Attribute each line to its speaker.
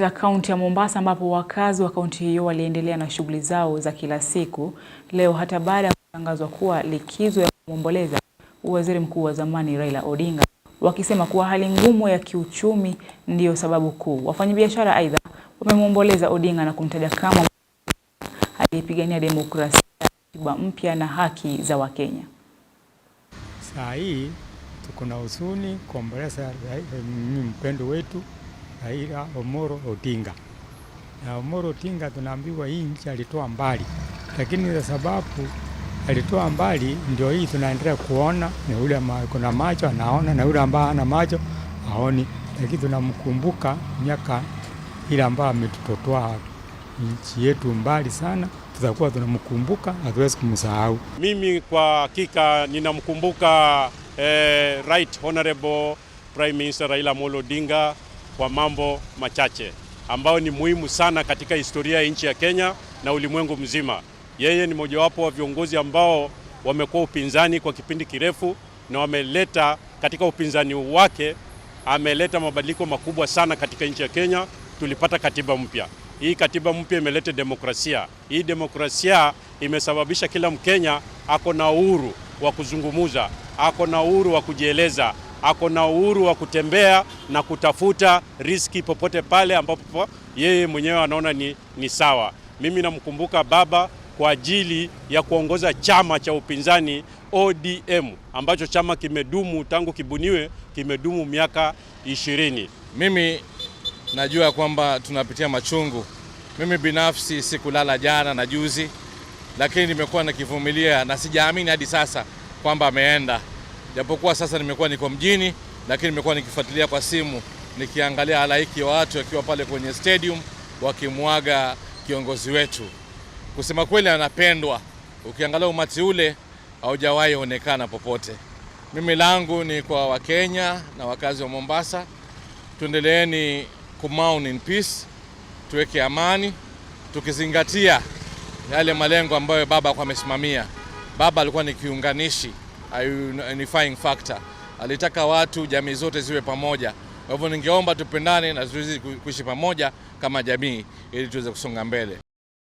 Speaker 1: Katika kaunti ya Mombasa ambapo wakazi wa kaunti hiyo waliendelea na shughuli zao za kila siku leo hata baada ya kutangazwa kuwa likizo ya kumwomboleza Waziri Mkuu wa zamani Raila Odinga, wakisema kuwa hali ngumu ya kiuchumi ndiyo sababu kuu. Wafanyabiashara aidha wamemwomboleza Odinga na kumtaja kama aliyepigania demokrasia, katiba mpya na haki za Wakenya.
Speaker 2: Saa hii tuko na huzuni kuomboleza eh, mpendo wetu Raila Omoro Odinga. Na Omoro Odinga tunaambiwa hii nchi alitoa mbali, lakini kwa sababu alitoa mbali ndio hii tunaendelea kuona, na yule kuna macho anaona na yule ambaye ana macho aoni, lakini tunamkumbuka miaka ile ambayo ametupotoa nchi yetu mbali sana, tutakuwa tunamkumbuka, hatuwezi kumsahau.
Speaker 3: Mimi kwa hakika ninamkumbuka eh, Right Honorable Prime Minister Raila Amolo Odinga kwa mambo machache ambayo ni muhimu sana katika historia ya nchi ya Kenya na ulimwengu mzima. Yeye ni mojawapo wa viongozi ambao wamekuwa upinzani kwa kipindi kirefu na wameleta katika upinzani wake, ameleta mabadiliko makubwa sana katika nchi ya Kenya. Tulipata katiba mpya. Hii katiba mpya imeleta demokrasia. Hii demokrasia imesababisha kila Mkenya ako na uhuru wa kuzungumuza, ako na uhuru wa kujieleza, ako na uhuru wa kutembea na kutafuta riski popote pale ambapo yeye mwenyewe anaona ni, ni sawa. Mimi namkumbuka baba kwa ajili ya kuongoza chama cha upinzani ODM ambacho chama kimedumu tangu kibuniwe, kimedumu miaka ishirini.
Speaker 4: Mimi najua kwamba tunapitia machungu. Mimi binafsi sikulala jana na juzi, lakini nimekuwa nikivumilia na sijaamini hadi sasa kwamba ameenda japokuwa sasa nimekuwa niko mjini, lakini nimekuwa nikifuatilia kwa simu, nikiangalia halaiki ya watu wakiwa pale kwenye stadium wakimwaga kiongozi wetu. Kusema kweli, anapendwa. Ukiangalia umati ule haujawahi onekana popote. Mimi langu ni kwa Wakenya na wakazi wa Mombasa, tuendeleeni kumourn in peace, tuweke amani, tukizingatia yale malengo ambayo baba kwa amesimamia. Baba alikuwa ni kiunganishi a unifying factor. Alitaka watu jamii zote ziwe pamoja. Kwa hivyo ningeomba tupendane na tuweze kuishi pamoja kama jamii ili tuweze kusonga mbele.